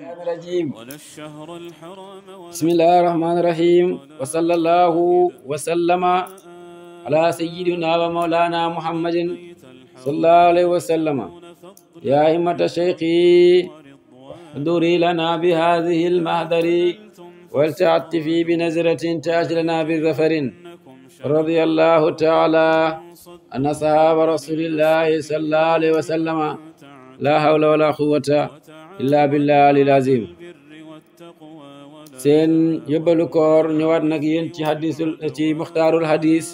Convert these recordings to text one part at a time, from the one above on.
الرجيم بسم الله الرحمن الرحيم وصلى الله وسلم على سيدنا ومولانا محمد صلى الله عليه وسلم يا همة شيخي دوري لنا بهذه المهدر ولتعتفي بنزرة تاج لنا بظفر رضي الله تعالى أن صحاب رسول الله صلى الله عليه وسلم لا حول ولا قوة illaa billaa alil azim seen yóbbalu koor ñëwaat nag yéen ci hadisul ci muxtaarul hadis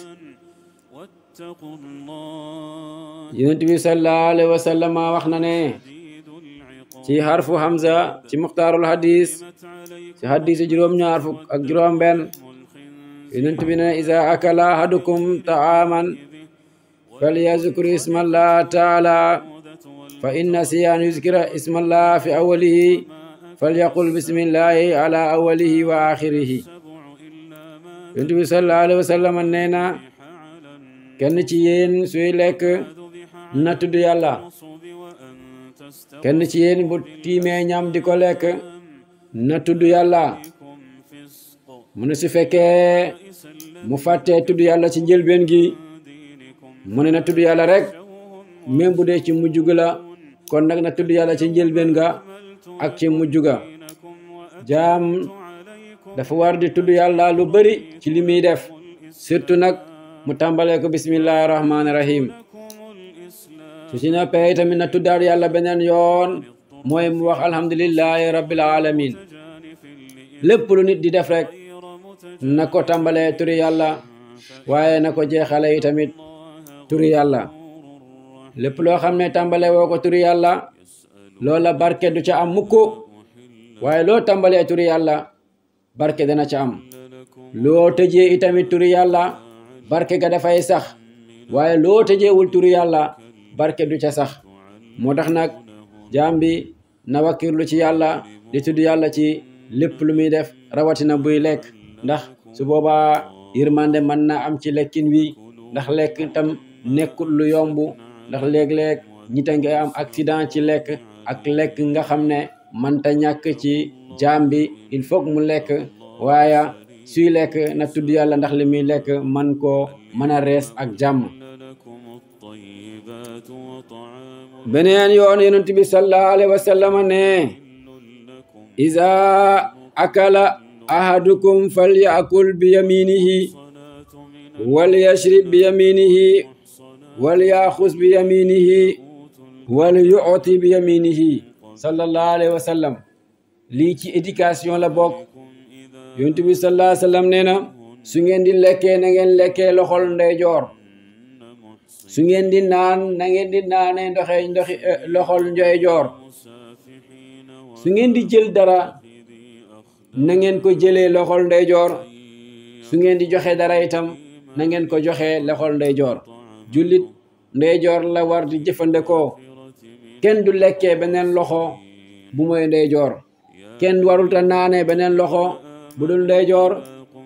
yonent bi sallallahu alayhi wa wax na ne ci xarfu hamza ci muxtaarul hadis ci hadis juróom-ñaar fukk ak juróom-benn yonent bi ne iza akala ahadukum taaman falyazkur ismallah taala فإن نسي أن يذكر اسم الله في أوله فليقل بسم الله على أوله وآخره yonent bi wa sallam nee na kenn ci yéen suy lekk na tudd yàlla kenn ci yéen bu tiimee ñam di ko lekk na tudd yàlla mu ne su fekkee mu fàttee tudd yàlla ci njëlbeen gi mu ne na tudd yàlla rek même ci mujj gi kon nag na tudd yàlla ci njëlbeen ga ak ci mujj ga jaam dafa war di tudd yàlla lu bari ci li muy def surtout nag mu tàmbalee ko bismillahi rahmaani rahim su si noppee na tuddaat yàlla beneen yoon mooy mu wax alhamdulillahi rabbil alamin lépp lu nit di def rek na ko tàmbalee turi yàlla waaye na ko jeexale itamit turi yàlla lépp loo xam ne tàmbale woo ko turi yàlla loola barke du ca am mukk waaye loo tàmbalee turi yàlla barke dana ca am loo tëjee itamit turi barke ga dafay sax waaye loo tëjewul turi yàlla barke du ca sax moo tax nag jaam bi na wakkirlu ci yàlla di tudd yàlla ci lépp lu muy def rawatina buy lekk ndax su booba yërmande mën na am ci lekkin wi ndax lekk tam nekkul lu yomb ndax léeg-léeg ñi te ngay am accident ci lekk ak lekk nga xam ne mënta ñàkk ci jaam bi il faut mu lekk waaye suy lekk na tudd yàlla ndax li muy lekk man koo mën rees ak jàmm beneen yoon yonent bi sallallahu alayhi wa ne iza akala ahadukum falyakul bi yaminihi wal yashrib bi yaminihi walyaxus bi yaminihi wal yuuti bi yaminihi sallallahu alayhi wa sallam lii ci éducation la bokk yonent bi sallallahu alayhi wa su ngeen di lekkee na ngeen lekkee loxol ndeyjoor su ngeen di naan na ngeen di naanee ndoxee ndoxi eh, loxol ndeyjoor su ngeen di jël dara na ngeen ko jëlee loxol ndeyjoor su ngeen di joxe dara itam na ngeen ko joxee loxol ndeyjoor jullit ndeyjoor la war di jëfandikoo kenn du lekkee beneen loxo bu mooy ndeyjoor kenn warul ta naanee beneen loxo bu dul ndeyjoor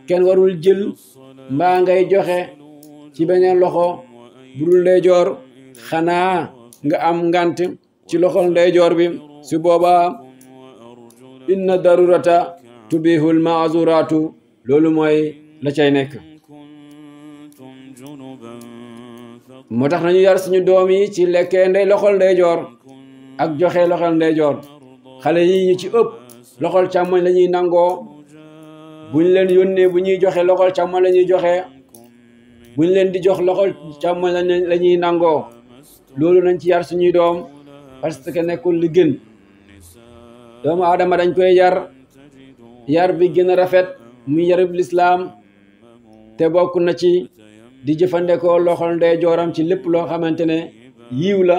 kenn warul jël mbaa ngay joxe ci beneen loxo bu dul ndeyjoor xanaa nga am ngant ci loxol ndeyjoor bi su boobaa inna darurata tubihul maazuraatu loolu mooy la cay nekk moo tax nañu yar suñu doom yi ci lekkee ndey loxol ndeyjoor ak joxe loxol ndeyjoor xale yi ñu ci ëpp loxol càmmoñ lañuy nangoo nangoo buñ leen yónnee bu ñuy joxee loxol càmmoñ lañuy ñuy joxe buñ leen di jox loxol càmmoñ la ñuy nangoo loolu nañ ci yar suñuy doom parce que nekkul li gën doomu aadama dañ koy yar yar bi gën a rafet muy yarub lislaam te bokk na ci di jëfandikoo loxol ndeyjooram ci lépp loo xamante ne yiw la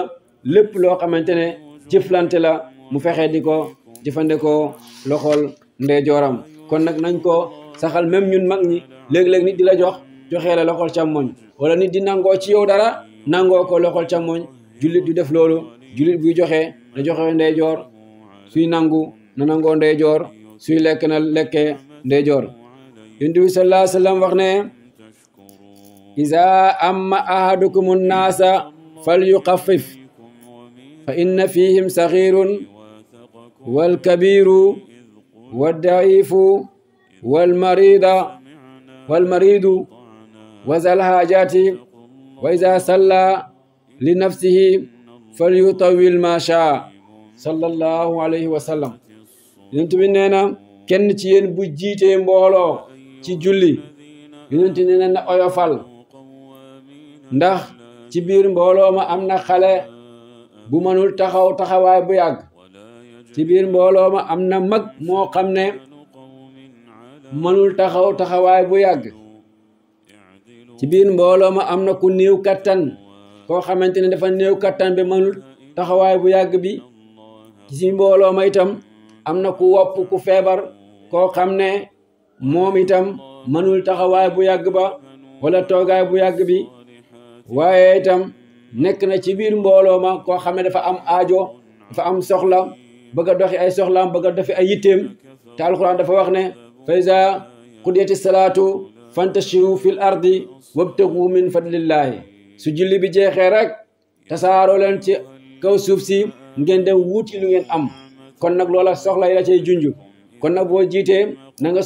lépp loo xamante ne jëflante la mu fexe di ko jëfandikoo loxol ndeyjooram kon nag nañ ko saxal même ñun mag ñi léeg-léeg nit di la jox joxe la loxol càmmoñ wala nit di nangoo ci yow dara nangoo ko loxol càmmoñ jullit du def loolu jullit buy joxe na joxe ndeyjoor suy nangu na nangoo ndeyjoor suy lekk na lekkee ndeyjoor yonent bi wax ne إذا أما أحدكم الناس فليخفف فإن فيهم صغير والكبير والضعيف والمريض والمريض وذا الحاجات وإذا صلى لنفسه فليطول ما شاء صلى الله عليه وسلم yonent bi nee na kenn ci yéen bu jiitee mbooloo ci julli yonent nee na oyofal ndax ci biir mbooloo ma am na xale bu mënul taxaw taxawaay bu yàgg ci biir mbooloo ma am na mag moo xam ne taxaw taxawaay bu yàgg ci biir mbooloo ma am na ku néew kattan koo xamante ne dafa néew kattan bi mënul taxawaay bu yàgg bi ci mbooloo ma itam am na ku wopp ku feebar koo xam ne moom itam mënul taxawaay bu yàgg ba wala toogaay bu yàgg bi waaye itam nekk na ci biir mbooloo ma koo xam ne dafa am aajo dafa am soxla bëgg a doxi ay soxlaam bëgg a doxi ay yitteem te alquran dafa wax ne fa iza qudiyati salaatu fantashiru fil ardi wabtagu min fadlillahi su julli bi jeexee rek tasaaroo leen ci kaw suuf si ngeen dem wuuti lu ngeen am kon nag loola soxla yi la cay junju kon nag boo jiitee na nga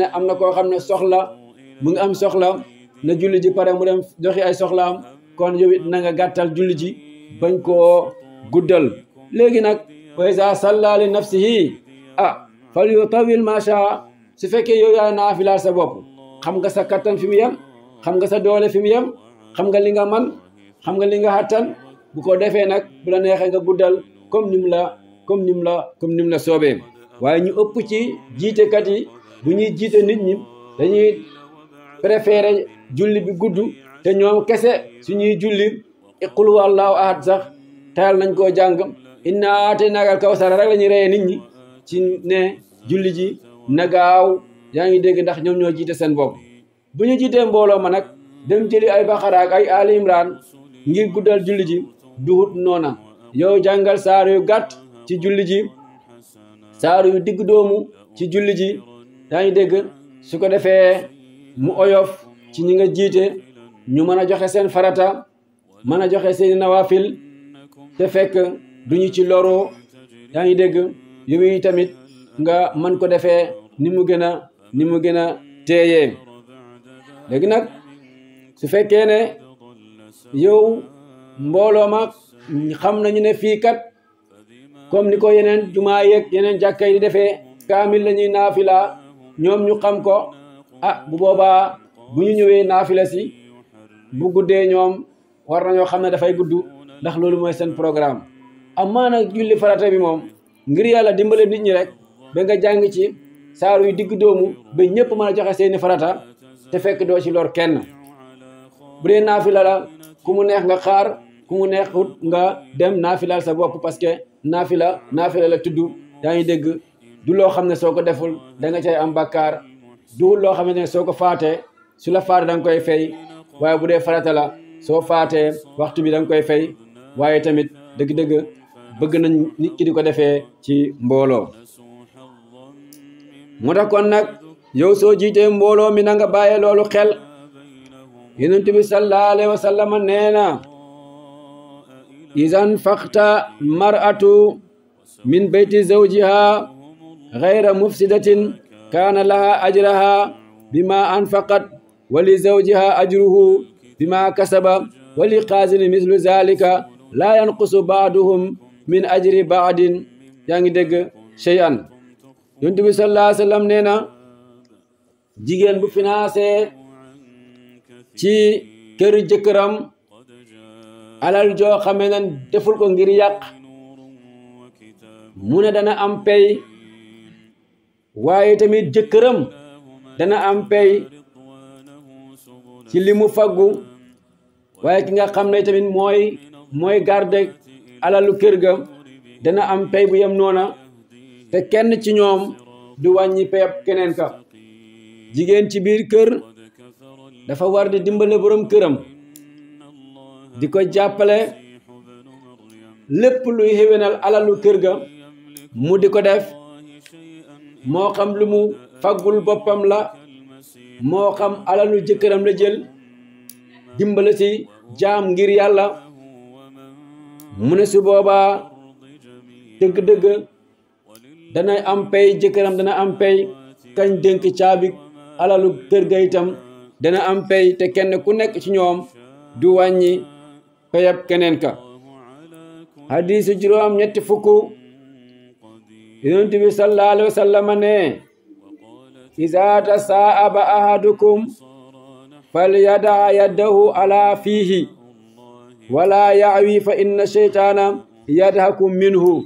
ne am na koo xam ne soxla mu ngi am soxla na julli ji pare mu dem joxi ay soxlaam kon yow na nga gàttal julli ji bañ koo guddal léegi nag wa iza salla li nafsihi ah fal yutawil su fekkee yow yaay naafilaal sa bopp xam nga sa kàttan fi mu yem xam nga sa doole fi mu yem xam nga li nga man xam nga li nga xattan bu ko defee nag bu la neexee nga guddal comme nim la comme nim la comme nim la soobee waaye ñu ëpp ci jiitekat yi bu ñuy jiite nit ñi dañuy préféré julli bi gudd te ñoom kese suñuy julli qul huwallaahu ahad sax tayal nañ koo jàng inna aataynaaka kaw kawsara rek la ñuy reyee nit ñi ci ne julli ji nagaaw yaa ngi dégg ndax ñoom ñoo jiite seen bopp bu ñu jiitee mbooloo ma nag dem jëli ay baqara ak ay ali imran ngir guddal julli ji duhut noona yow jàngal saar yu gàtt ci julli ji saar yu digg doomu ci julli ji yaa ngi dégg su ko defee mu oyof ci ñi nga jiite ñu mën a joxe seen farata mën a joxe seen nawaafil te fekk duñu ci loroo yaa ngi dégg yooyu tamit nga mën ko defee ni mu gën a ni mu gën a teeyee léegi nag su fekkee ne yow mbooloo ma xam nañu ne fii kat comme ni ko yeneen jumaa yeeg yeneen jàkka yi di defee kaamil la ñuy ñoom ñu xam ko a ah, bu boobaa bu ñu ñëwee naafila si bu guddee ñoom war nañoo xam ne dafay gudd ndax loolu mooy seen programme maa nag julli farata bi moom ngir yàlla dimbale nit ñi rek ba nga jàng ci saaru yi digg doomu ba ñëpp mën a joxe seeni farata te fekk doo ci lor kenn bu dee naafila la ku mu neex nga xaar ku mu neex nga dem naafilaal sa bopp parce que naafila naafila la tudd yaa ngi dégg du loo xam ne soo ko deful da cay am bàkkaar duhul loo xamante ne soo ko faatee su la faatee danga koy fay waaye bu dee farata la soo faatee waxtu bi danga koy fay waaye tamit dëgg-dëgg bëgg nañ nit ki di ko defee ci mbooloo moo tax nag yow soo jiitee mbooloo mi na nga bàyyee loolu xel yonent bi sallallahu alayhi wa nee na isan faxta mar'atu min bayti zawjiha gayra mufsidatin kaana laha ajraha bima anfaqat wa li zawjiha ajruhu bima kasaba wa li mislu zalika laa yanqusu baaduhum min ajri baadin yaa ngi dégg shay'an yonent bi sallallahu alayhi jigéen bu financé ci këru jëkkëram alal joo xamee deful ko ngir yàq mu dana am pay waaye tamit jëkkëram dana am pay ci li mu faggu waaye ki nga xam ne tamit mooy mooy garde alalu kër ga dana am pay bu yem noona te kenn ci ñoom du wàññi payab keneen ka jigéen ci biir kër dafa war di dimbale borom këram di ko jàppale lépp luy xéwénal alalu kër ga mu di ko def moo xam lu mu faggul boppam la moo xam alalu jëkkëram la jël dimbala si jaam ngir yàlla mu ne si boobaa dëgg-dëgg dana am pay jëkkëram dana am pay kañ dénk caabi alalu kër ga itam dana am pay te kenn ku nekk ci ñoom du wàññi payab keneen ka hadiisu juróom ñetti fukk yonent bi sallallahu alayhi wa sallam ne izaa tasaaba ahadukum falyadaa yaddahu fiihi wala yaawi fa inna sheytaana yadhaku minhu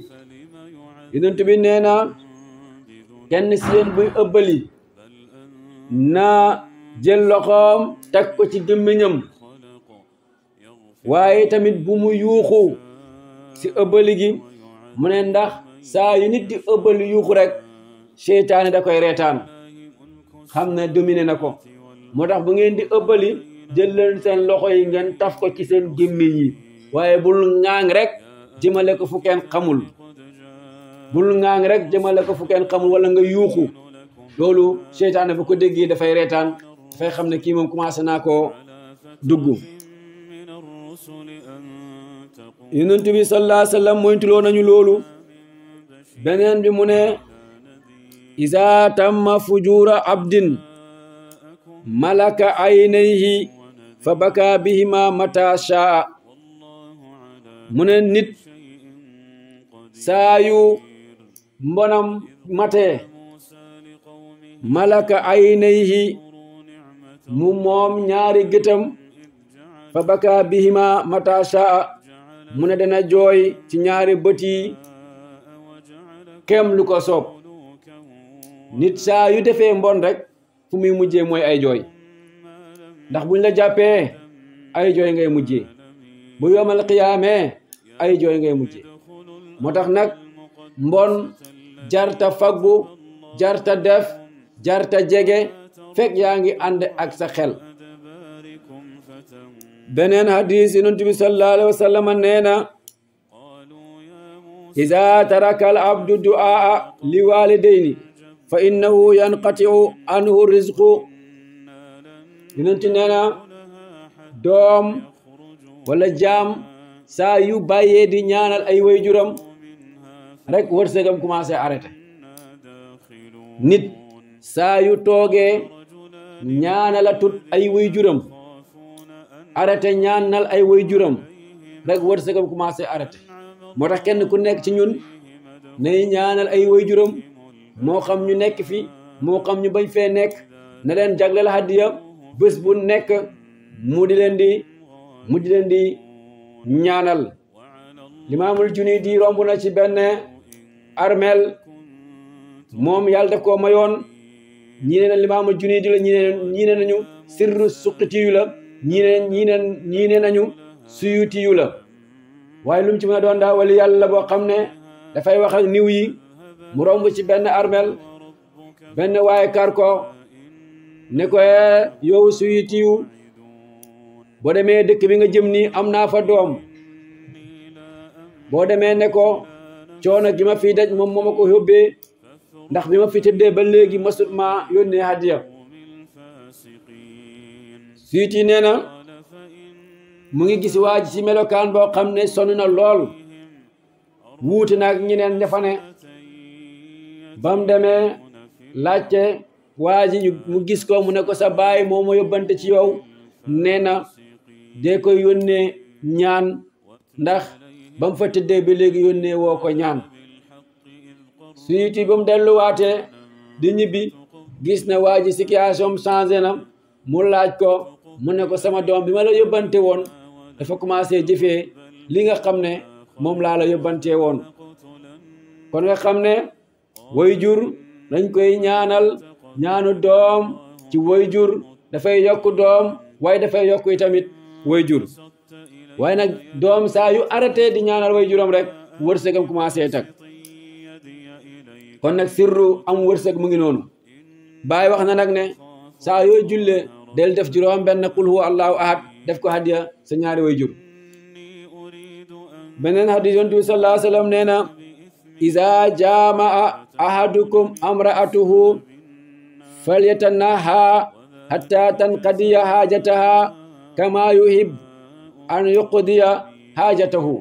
yonent bi nee na kenn si yéen buy ëbbali na jël loxoom teg ko ci gémmiñam waaye tamit bu mu yuuxu si ëbbali gi mu ne ndax saa yi nit di ëbbal yuuxu rek seytaane da koy reetaan xam ne domine na ko moo tax bu ngeen di ëbbali jël leen seen loxo yi ngeen taf ko ci seen gémmiñ yi waaye bul ŋaang rek jëmale ko fu kenn xamul bul ŋaang rek jëmale ko fu kenn xamul wala nga yuuxu loolu seytaane bu ko déggee dafay reetaan dafay xam ne kii moom commencé naa koo dugg yonent bi sallallahu alayhi wa nañu loolu beneen bi mu ne iza tamma fujura abdin malaka aynayhi fa baka bihima mata shaa mu ne nit saayu mbonam matee malaka aynayhi mu moom ñaari gëtam fa baka bihima mata shaa mu ne dana jooy ci ñaari bët yi kem lu ko soob nit saa yu defee mbon rek fu muy mujjee mooy ay jooy ndax buñ la jàppee ay jooy ngay mujjee bu yomal xiyaamee ay jooy ngay mujjee moo tax nag mbon jarta faggu jarta def jarta jege fekk yaa ngi ànd ak sa xel beneen hadis yi Yonent bi sallallahu nee na ida taraka al abdu du'aa li walidayni fa innahu yanqatiu anhu rizqu yonent nee na doom wala jaam saa yu bàyyee di ñaanal ay wayjuram rek wërsëgam commencé arrêté nit saa yu tooge ñaanala tut ay wayjuram arrêté ñaanal ay wayjuram rek wërsëgam commencé arrêté moo tax kenn ku nekk ci ñun nay ñaanal ay waajuram moo xam ñu nekk fi moo xam ñu bañ fee nekk na leen jagleel hadiya bés bu nekk mu di leen di mu di leen di ñaanal limaamul junni di romb na ci benn armel moom yàlla def koo mayoon ñii nee na limaamul junni di la ñii nee ñii nee nañu sirru suqitiyu la ñii nee ñii nee ñii nee nañu suyutiyu la waaye lu mu ci mën doon daa wali yàlla boo xam ne dafay wax ak niw yi mu romb ci benn armel benn waaye kar ko ne ko eh, yow suy tiiw boo demee dëkk bi nga jëm nii am naa fa doom boo demee ne ko coono gi ma fi daj moom moo ma ko yóbbee ndax bi ma fi tëddee ba léegi masut ma yónnee hadiya suy nee na mu ngi gis waa ji ci melokaan boo xam ne sonn na lool wuute na ak ñeneen ña fa ne ba mu demee laajte waa ji mu gis ko mu ne ko sa baay moo ma yóbbante ci yow nee na dee koy yónnee ñaan ndax ba mu fa tëddee ba léegi yónnee woo ko ñaan suñuti ba mu delluwaatee di ñibbi gis ne waa ji situation changé na mu laaj ko mu ne ko sama doom bi ma la yóbbante woon dafa commencé jëfee li nga xam ne moom laa la yóbbantee woon kon nga xam ne way jur dañ koy ñaanal ñaanu doom ci way jur dafay yokk doom waaye dafay yokk yi tamit way jur waaye nag doom saa yu arrêté di ñaanal way juróom rek wërsëgam commencé tak kon nag sirru am wërsëg mu ngi noonu Baay wax na nag ne saa yoo julle del def juróom benn qul allahu ahad def ko hadiya sa ñaari beneen hadis yonent bi sallallahu alayhi nee na iza jamaa ahadukum amraatuhu falyatanaha hatta tanqadiya haajataha kama yuhib an yuqdiya haajatahu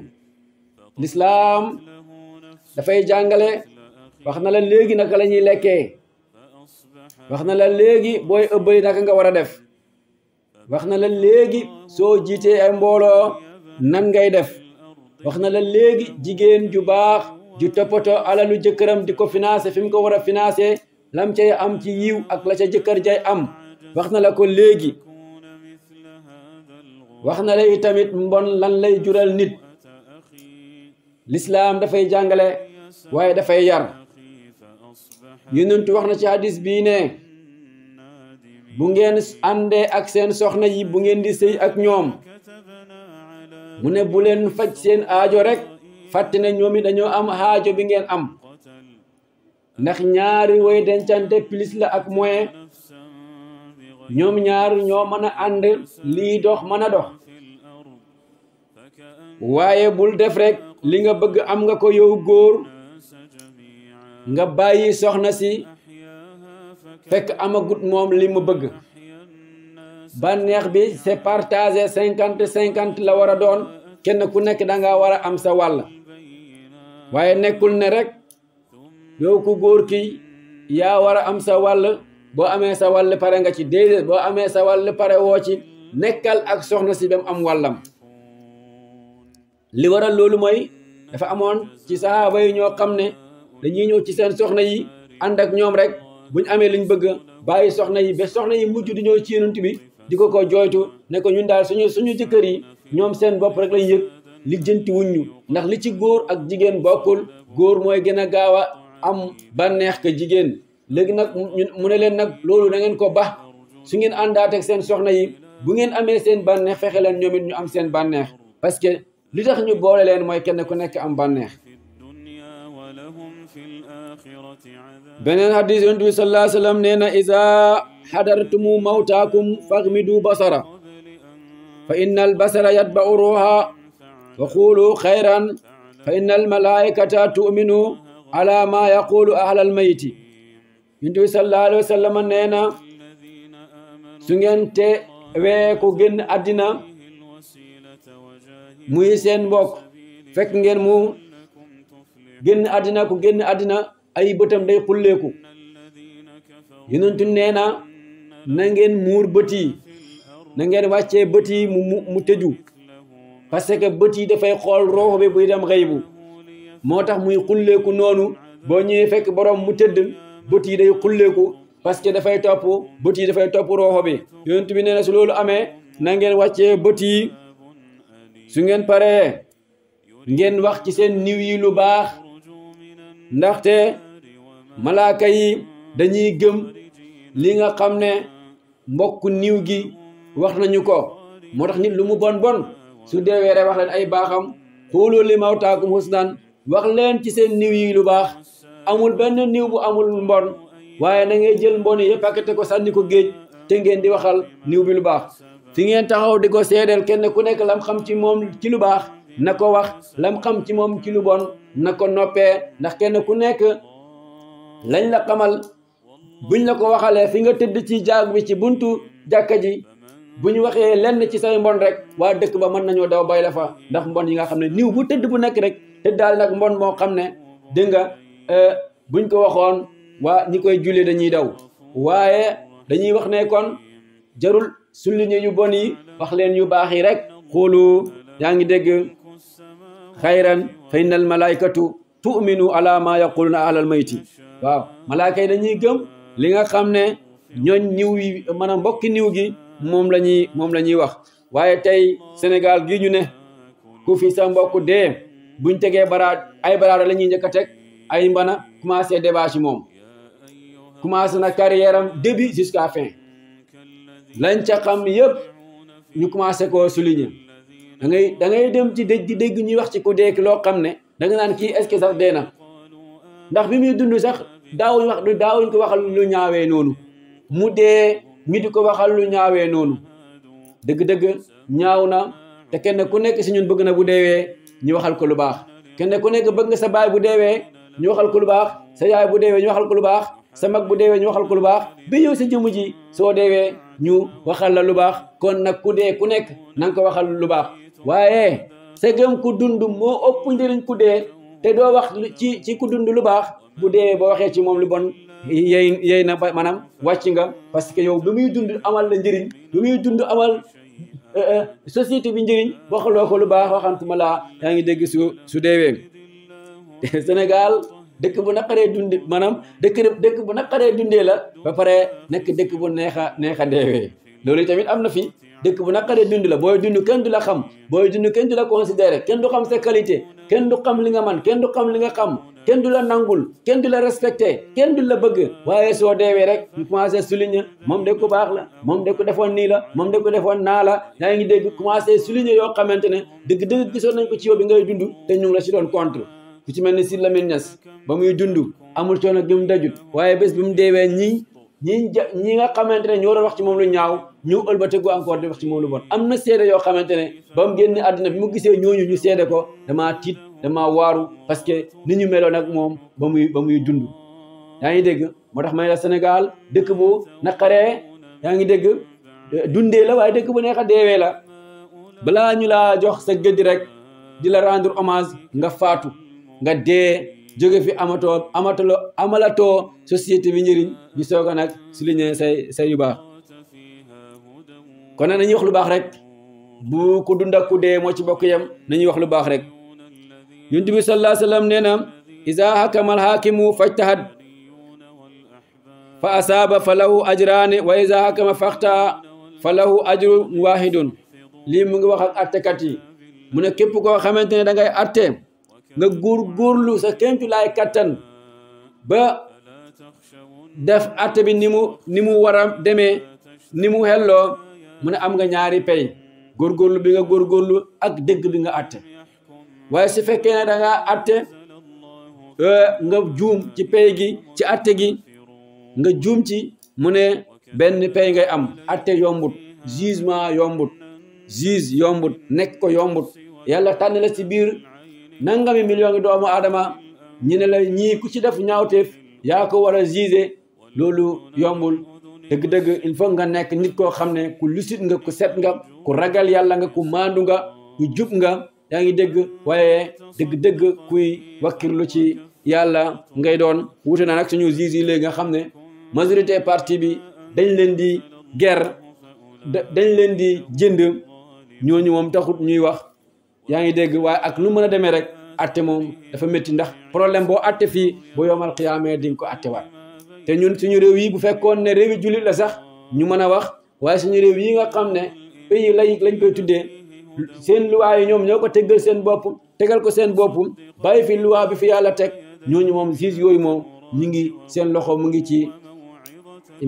lislaam dafay jàngale wax na la léegi naka la ñuy lekkee wax na la léegi booy ëbbali naka nga war a def wax na la léegi soo jiitee ay mbooloo nan ngay def wax na la léegi jigéen ju baax ju toppatoo alalu jëkkëram di ko financé fi mu ko war a financé lam cay am ci yiw ak la ca jëkkër jay am wax na la ko léegi wax na la itamit mbon lan lay jural nit lislaam dafay jàngale waaye dafay yar yonentu wax na ci hadis bii ne bu ngeen àndee ak seen soxna yi bu ngeen di sëy ak ñoom mu ne bu leen faj seen aajo rek fàtte ne ñoom yi dañoo am aajo bi ngeen am ndax ñaari way dencante plus la ak moyen ñoom ñaar ñoo mën a ànd lii dox mën a dox waaye bul def rek li nga bëgg am nga ko yow góor nga bàyyi soxna si fekk amagut moom li mu bëgg bànneex bi c'est partagé cinquante cinquante la war a doon kenn ku nekk da nga war a am sa wàll waaye nekkul ne rek yow ku góor ki yaa war a am sa wàll boo amee sa wàll pare nga ci déedéet boo amee sa wàll pare woo ci nekkal ak soxna si ba am wàllam li waral loolu mooy dafa amoon ci sahaaba yi ñoo xam ne dañuy ñëw ci seen soxna yi ànd ak ñoom rek bu ñu amee luñ bëgg bàyyi soxna yi ba soxna yi mujj di ñëw ci yonent bi di ko ko jooytu ne ko ñu daal suñu suñu jëkkër yi ñoom seen bopp rek lañ yëg lijjanti ñu ndax li ci góor ak jigéen bokkul góor mooy gën a gaaw a am bànneex ka jigéen léegi nag mu ne leen nag loolu na ngeen ko bax su ngeen àndaat seen soxna yi bu ngeen amee seen bànneex fexe leen ñoom it ñu am seen bànneex parce que li tax ñu boole leen mooy kenn ku nekk am bànneex beneen hadis yonent bi sallallahu alayhi na mawtaakum faxmidu basara fa albasara yatba'u ruuha wa xayran fa inna tu'minu ala ma yaqulu ahlal mayti yonent bi sallallahu te wee ku génn àddina muy seen mu génn àddina ku génn àddina ay bëtam day xulleeku yonentu nee na na ngeen muur bët yi na ngeen wàccee bët yi mu mu mu tëju parce que bët yi dafay xool rooxo bi buy dem xëy bu moo tax muy xulleeku noonu boo ñëwee fekk borom mu tëdd bët yi day xulleeku parce que dafay topp bët yi dafay topp rooxo bi yonent bi nee na su loolu amee na ngeen wàccee bët yi su ngeen paree ngeen wax ci seen niw yi lu baax ndaxte malaaka yi dañuy gëm li nga xam ne mbokk niw gi wax nañu ko moo tax nit lu mu bon bon su deewee rek wax ay baaxam xuulu li mawtaakum husnan wax leen ci seen niw yi lu baax amul benn niw bu amul mbon waaye na ngay jël mbon yëpp pakete ko sànni ko géej te ngeen di waxal niw bi lu baax fi ngeen taxaw di ko seedeel kenn ku nekk lam xam ci moom ci lu baax na ko wax lam xam ci moom ci lu bon na ko noppee ndax kenn ku nekk lañ la xamal buñ la ko waxalee fi nga tëdd ci jaag bi ci buntu jàkka ji bu ñu waxee lenn ci say mbon rek waa dëkk ba mën nañoo daw bay la ndax mbon yi nga xam ne niiw bu tëdd bu nekk rek te daal nag mbon moo xam ne dégg nga euh, buñ ko waxoon waa ñi koy julli dañuy daw waaye dañuy wax ne kon jarul sulli ñu yu bon yi wax leen yu baax yi rek xoolu yaa ngi dégg xayran fa inna al malaikatu tu'minu ala ma yaquluna alal mayti waaw malaaka yi dañuy gëm li nga xam ne ñooñ niw yi maanaam mbokki niw gi moom la ñuy moom la ñuy wax waaye tey Sénégal gi ñu ne ku fi sa mbokk dee buñ tegee baraad ay baraada lañuy ñuy a teg ay mbana commencé débat ci moom commencé na carrière am début fin lañ ca xam yëpp ñu commencé koo souligner da ngay da ngay dem ci dëj di dégg ñuy wax ci ku dee ki loo xam ne da nga naan kii est-ce sax dee na ndax bi muy dund sax daawuñ wax daawuñ ko waxal lu ñaawee noonu mu dee ñu di ko waxal lu ñaawee noonu dëgg-dëgg ñaaw na te kenn ku nekk si ñun bëgg na bu deewee ñu waxal ko lu baax kenn ku nekk bëgg nga sa baay bu deewee ñu waxal ko lu baax sa yaay bu deewee ñu waxal ko lu baax sa mag bu deewee ñu waxal ko lu baax ba yow sa jëmm ji soo deewee ñu waxal la lu baax kon nag ku dee ku nekk na ko waxal lu waaye segam ku dund moo ëpp njëriñ ku dee te doo wax ci ci ku dund lu baax bu dee boo waxee ci moom lu bon yey yey na maanaam wàcc nga parce que yow lu muy dund amal la njëriñ lu muy dund amal euh, euh, société bi njëriñ waxaloo ko lu baax waxantuma laa yaa ngi dégg su su deewee Sénégal dëkk bu naqaree dund maanaam dëkk dëkk bu naqaree dundee la ba pare nekk dëkk bu neex a deewee loolu tamit am na fi dëkk bu naqaree dund la booy dund kenn du la xam booy dund kenn du la considéré kenn du xam sa qualité kenn du xam li nga man kenn du xam li nga xam kenn du la nangul kenn du la respecté kenn du la bëgg waaye soo deewee rek ñu commencé souligner moom de ku baax la moom de ku defoon nii la moom de ku defoon naa la yaa ngi dégg commencé souligner yoo xamante ne dëgg dëgg gisoon nañ ko ci yow bi ngay dund te ñu la si doon contre ku ci mel ni si Lamine Niass ba muy dund amul coono gi mu dajut waaye bés bi mu deewee ñii ñi ñi nga xamante ne ñoo doon wax ci moom lu ñaaw ñëw ëlbatiku encore di wax ci moom lu bon am na seede yoo xamante ne ba mu génn àdduna bi mu gisee ñooñu ñu seede ko damaa tiit dama waaru parce que ni ñu meloo nag moom ba muy ba muy dund yaa ngi dégg moo tax may la Sénégal dëkk bu naqaree yaa ngi dégg dundee la waaye dëkk bu neex a deewee la balaa ñu laa jox sa gëdd rek di la rendre hommage nga faatu nga dee jóge fi amatoo amatalo amalatoo société bi njëriñ ñu soog a nag souligner say say yu baax kon nag nañuy wax lu baax rek bu ku dund ak ku dee moo ci bokk yam nañuy wax lu baax rek yonent bi sallallahu nee na izaa hakama alhaakimu fajtahad fa asaaba fa lahu ajraani wa izaa hakama faxtaa fa lahu ajrun waahidun lii mu ngi wax ak attekat yi mu ne képp koo xamante ne dangay ngay atte nga góor góorlu sa kéemtu laay kattan ba def atte bi ni mu ni mu war a demee ni mu xelloo mu ne am nga ñaari pay góorgóorlu bi nga góorgóorlu ak dëgg bi nga atte waaye su fekkee ne da ngaa atte euh, nga juum ci pay gi ci atte gi nga juum ci mu ne benn pay ngay am atte yombut jugement yombut juge yombut nekk ko yombut yàlla tànn la ci biir nangami million ngi doomu aadama ñi ne la ñii ku ci def ñaawteef yaa ko war a juge loolu yombul dëgg-dëgg il faut nga nekk nit koo xam ne ku lucide nga ku set nga ku ragal yàlla nga ku maandu nga ku jub nga yaa ngi dégg waaye dëgg-dëgg kuy wakkirlu ci yàlla ngay doon wute naa nag suñu juge yi léegi nga xam ne majorité parti bi dañ leen di guerre dañ leen di jënd ñooñu moom taxut ñuy wax yaa ngi dégg waaye ak lu mën a demee rek atte moom dafa metti ndax problème boo atte fii boo yomal xiyaamee di nga ko attewaat te ñun suñu réew bu fekkoon ne réewi jullit la sax ñu mën a wax waaye ñu réew yi nga xam ne pays laïque lañ koy tuddee seen luwaa yi ñoom ñoo ko teggal seen bopp tegal ko seen bopp bàyyi fi luwaa bi fi yàlla teg ñooñu moom juge yooyu moom ñu ngi seen loxo mu ngi ci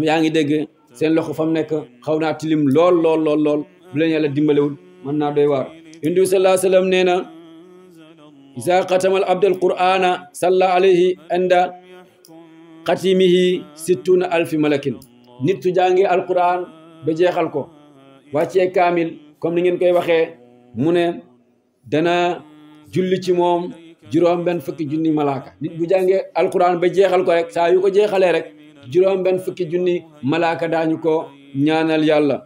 yaa ngi dégg seen loxo fa mu nekk xaw naa tilim lool lool lool lool bu leen yàlla dimbalewul mën naa doy waar yonent bi sallallahu wa sallam nee na isa xatamal abdul qur'ana salla alayhi anda xatimihi sittuna alfi malakin nit su jàngee alquran ba jeexal ko wàccee kaamil comme ni ngeen koy waxee mu ne dana julli ci moom juróom benn fukki junni malaaka nit bu jàngee alquran ba jeexal ko rek saa yu ko jeexalee rek juróom benn fukki junni malaaka daañu ko ñaanal yàlla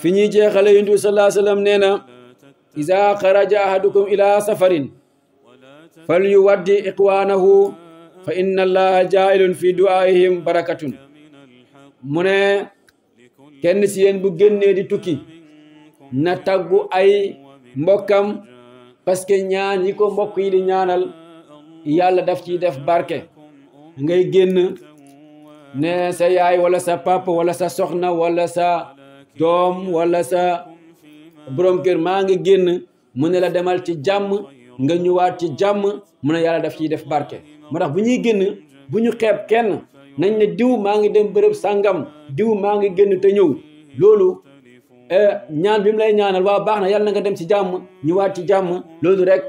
fi ñuy jeexale yonent bi sallallahu alayhi nee na iza xaraja ahadukum ila safarin fal yuwaddi iqwaanahu fa inna allaha jaa'ilun fi du'aihim barakatun mu ne kenn si yéen bu génnee di tukki na taggu ay mbokkam parce que ñaan yi ko mbokk yi di ñaanal yàlla daf ci def barke ngay génn ne sa yaay wala sa papa wala sa soxna wala sa doom wala sa borom maa ngi génn mu ne la demal ci jàmm nga ñëwaat ci jàmm mu na yàlla daf ciy def barke moo tax bu ñuy génn bu ñu xeeb kenn nañ ne diw maa ngi dem bërëb sàngam diw maa ngi génn te ñëw loolu eh, ñaan bi mu lay ñaanal waa baax na yàlla na nga dem ci jàmm ñëwaat ci jàmm loolu rek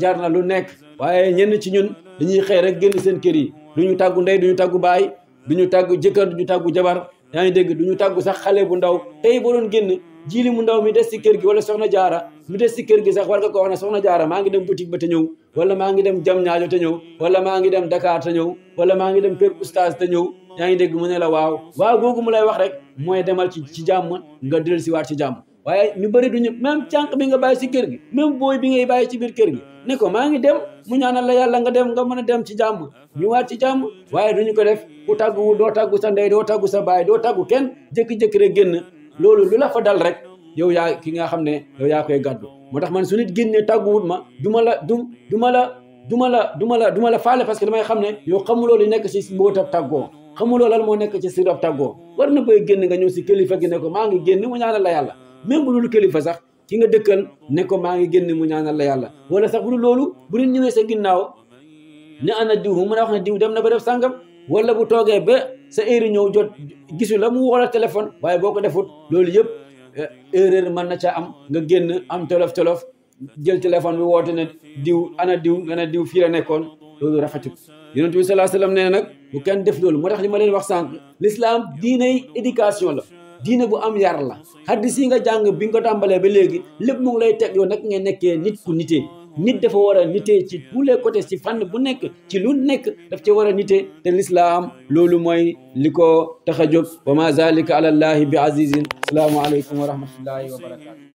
jaar na lu nekk waaye ñenn ci ñun dañuy xëy rek génn seen kër yi duñu tàggu ndey duñu tàggu baay duñu tàggu jëkkër duñu tàggu jabar yaa ngi dégg duñu tàggu sax xale bu ndaw tey boo doon génn jiili ndaw mi des ci kër gi wala soxna jaara lu des si kër gi sax war nga ko wax ne soxna jaara maa ngi dem boutique ba te ñëw wala maa ngi dem jam ñaajo te ñëw wala maa ngi dem Dakar te ñëw wala maa ngi dem kër oustaz te ñëw yaa ngi dégg mu ne la waaw waaw googu mu lay wax rek mooy demal ci ci jàmm nga dellu si waat ci jàmm waaye ñu bëri du ñu même cànq bi nga bàyyi si kër gi même booy bi ngay bàyyi ci biir kër gi ne ko maa ngi dem mu ñaanal la yàlla nga dem nga mën a dem ci jàmm ñu waat ci jàmm waaye duñu ko def ku tàgguwul doo tàggu sa ndey doo tàggu sa baay doo tàggu kenn jékki-jékki génn loolu lu la fa dal rek yow yaa ki nga xam ne yow yaa koy gàddu moo tax man su nit génnee tàgguwut ma du ma la du du ma la du ma la du ma la du ma la faale parce que damay xam ne yow xamuloo lu nekk ci mbóotab tàggoo xamuloo lan moo nekk ci sirab tàggoo war na booy génn nga ñëw ci kilifa gi ne ko maa ngi génn mu ñaanal la yàlla même bu dul kilifa sax ki nga dëkkal ne ko maa ngi génn mu ñaanal la yàlla wala sax bu dul loolu bu nit ñëwee sa ginnaaw ne ana diw mu mën a wax ne diw dem na ba def sàngam wala bu toogee ba sa heure ñëw jot gisu la mu woo la waaye boo ko defut loolu yëpp erreur mën na ca am nga génn am tolof tolof jël téléphone bi woote na diw ana diw nga ne diw fii la nekkoon loolu rafetul yonent bi salaa sallam nee nag bu kenn def loolu moo tax li ma leen wax sànq lislaam diinay éducation la diina bu am yar la hadis yi nga jàng bi nga ko tàmbalee ba léegi lépp mu lay teg yoon nag nga nekkee nit ku nitee nit dafa war a ci tous les ci fànn bu nekk ci lu nekk daf ci war a nitee te lislaam loolu mooy li ko tax a jóg wa ma zalika ala bi azizin salaamu aleykum wa rahmatullahi